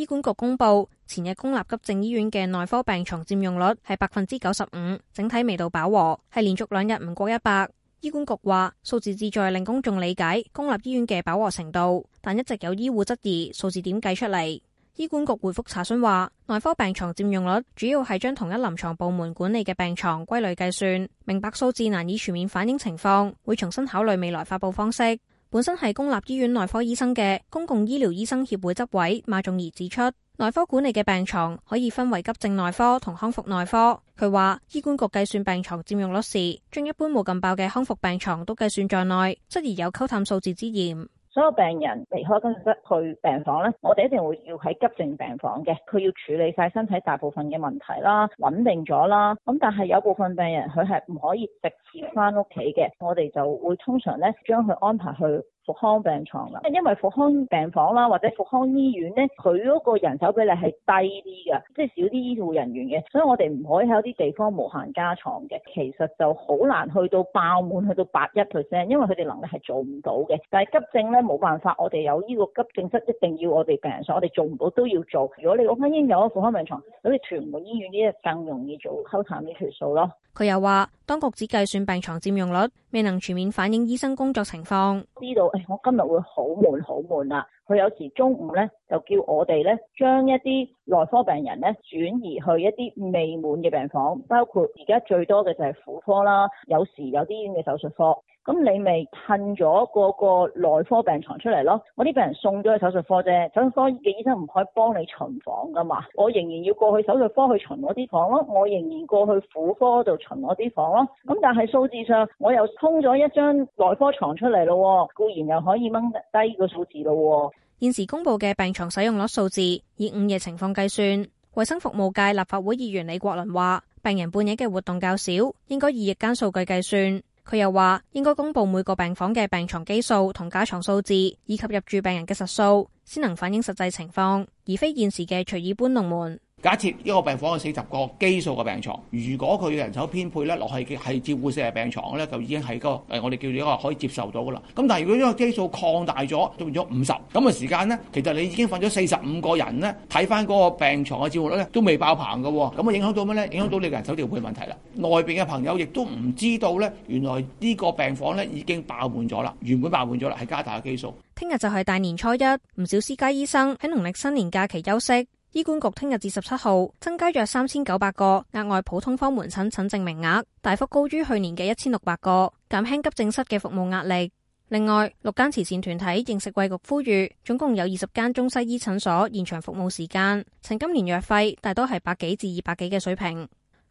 醫管局公布前日公立急症醫院嘅內科病床佔用率係百分之九十五，整體未到飽和，係連續兩日唔過一百。醫管局話數字旨在令公眾理解公立醫院嘅飽和程度，但一直有醫護質疑數字點計出嚟。醫管局回覆查詢話，內科病床佔用率主要係將同一臨床部門管理嘅病床歸類計算，明白數字難以全面反映情況，會重新考慮未來發佈方式。本身係公立醫院內科醫生嘅公共醫療醫生協會執委馬仲儀指出，內科管理嘅病床可以分為急症內科同康復內科。佢話醫管局計算病床佔用率時，將一般冇咁爆嘅康復病床都計算在內，質疑有溝淡數字之嫌。所有病人離開急症室去病房咧，我哋一定會要喺急症病房嘅，佢要處理晒身體大部分嘅問題啦，穩定咗啦。咁但係有部分病人佢係唔可以直接返屋企嘅，我哋就會通常呢將佢安排去福康病床啦，因為復康病房啦，或者復康醫院咧，佢嗰個人手比例係低啲嘅，即係少啲醫護人員嘅，所以我哋唔可以喺啲地方無限加床嘅，其實就好難去到爆滿，去到八一 percent，因為佢哋能力係做唔到嘅。但係急症咧，冇辦法，我哋有呢個急症室一定要我哋病人上，我哋做唔到都要做。如果你嗰間醫院有復康病床，咁你屯門醫院呢啲更容易做，溝淡啲條數咯。佢又話，當局只計算病床佔用率。未能全面反映醫生工作情況。知道誒、哎，我今日會好悶好悶啦。佢有時中午咧就叫我哋咧將一啲內科病人咧轉移去一啲未滿嘅病房，包括而家最多嘅就係婦科啦。有時有啲院嘅手術科。咁你咪褪咗嗰個內科病床出嚟咯？我啲病人送咗去手術科啫，手術科嘅醫生唔可以幫你巡房噶嘛。我仍然要過去手術科去巡我啲房咯，我仍然過去婦科度巡我啲房咯。咁但係數字上，我又通咗一張內科床出嚟咯，固然又可以掹低個數字咯。現時公布嘅病床使用率數字，以午夜情況計算。衛生服務界立法會議員李國麟話，病人半夜嘅活動較少，應該以夜間數據計算。佢又話：應該公佈每個病房嘅病床基數、同加床數字，以及入住病人嘅實數，先能反映實際情況，而非現時嘅隨意搬龍門。假設一個病房有四十個基數嘅病床，如果佢人手編配咧落去係照顧四個病床咧，就已經係個誒我哋叫做一個可以接受到嘅啦。咁但係如果呢個基數擴大咗，就變咗五十咁嘅時間呢，其實你已經瞓咗四十五個人咧，睇翻嗰個病床嘅照顧率咧都未爆棚嘅喎。咁啊影響到咩咧？影響到你嘅人手調配問題啦。外邊嘅朋友亦都唔知道咧，原來呢個病房咧已經爆滿咗啦，原本爆滿咗啦，係加大嘅基數。聽日就係大年初一，唔少私家醫生喺農曆新年假期休息。醫管局聽日至十七號增加約三千九百個額外普通科門診診症名額，大幅高於去年嘅一千六百個，減輕急症室嘅服務壓力。另外，六間慈善團體應食衛局呼籲，總共有二十間中西醫診所延長服務時間。趁今年藥費大多係百幾至二百幾嘅水平，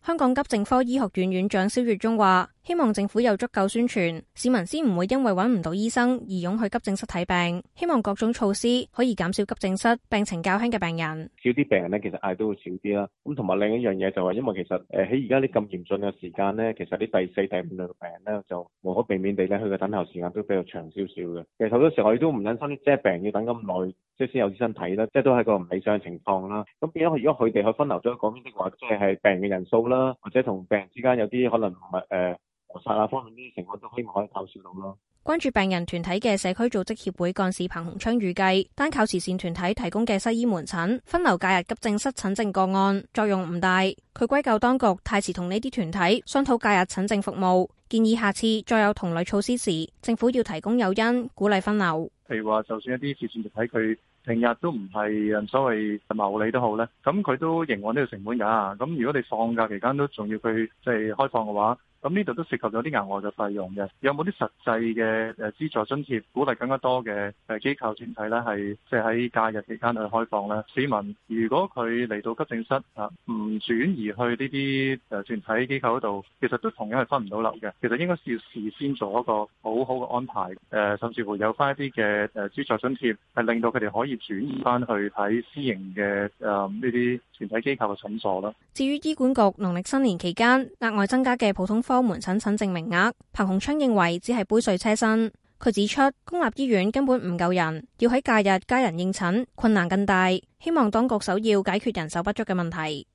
香港急症科醫學院院院長蕭月忠話。希望政府有足夠宣傳，市民先唔會因為揾唔到醫生而湧去急症室睇病。希望各種措施可以減少急症室病情較輕嘅病人，少啲病人咧，其實嗌都會少啲啦。咁同埋另一樣嘢就係，因為其實誒喺而家呢咁嚴峻嘅時間咧，其實啲第四、第五類嘅病人咧，就無可避免地咧，佢嘅等候時間都比較長少少嘅。其實好多時候我哋都唔忍心，即係病要等咁耐，即係先有醫生睇啦，即係都係一個唔理想嘅情況啦。咁變咗，如果佢哋去分流咗嗰邊嘅話，即係係病嘅人數啦，或者同病人之間有啲可能唔係誒。呃我晒下方向呢啲情況，都希望可以減少到咯。關注病人團體嘅社區組織協會幹事彭鴻昌預計，單靠慈善團體提供嘅西醫門診分流假日急症室診症個案作用唔大。佢歸咎當局太遲同呢啲團體商討假日診症服務，建議下次再有同類措施時，政府要提供誘因鼓勵分流。譬如話，就算一啲慈善團體佢平日都唔係人所謂謀利好都好咧，咁佢都仍搵呢個成本噶。咁如果你放假期間都仲要佢即係開放嘅話，咁呢度都涉及咗啲額外嘅費用嘅，有冇啲實際嘅誒資助津貼，鼓勵更加多嘅誒機構團體咧，係即係喺假日期間去開放啦。市民如果佢嚟到急症室啊，唔轉移去呢啲誒團體機構嗰度，其實都同樣係分唔到流嘅。其實應該係事先做一個好好嘅安排，誒，甚至乎有翻一啲嘅誒資助津貼，係令到佢哋可以轉移翻去睇私營嘅誒呢啲團體機構嘅診所啦。至於醫管局，農曆新年期間額外增加嘅普通科門診診症名額，彭鴻昌認為只係杯水車薪。佢指出，公立醫院根本唔夠人，要喺假日加人應診，困難更大。希望當局首要解決人手不足嘅問題。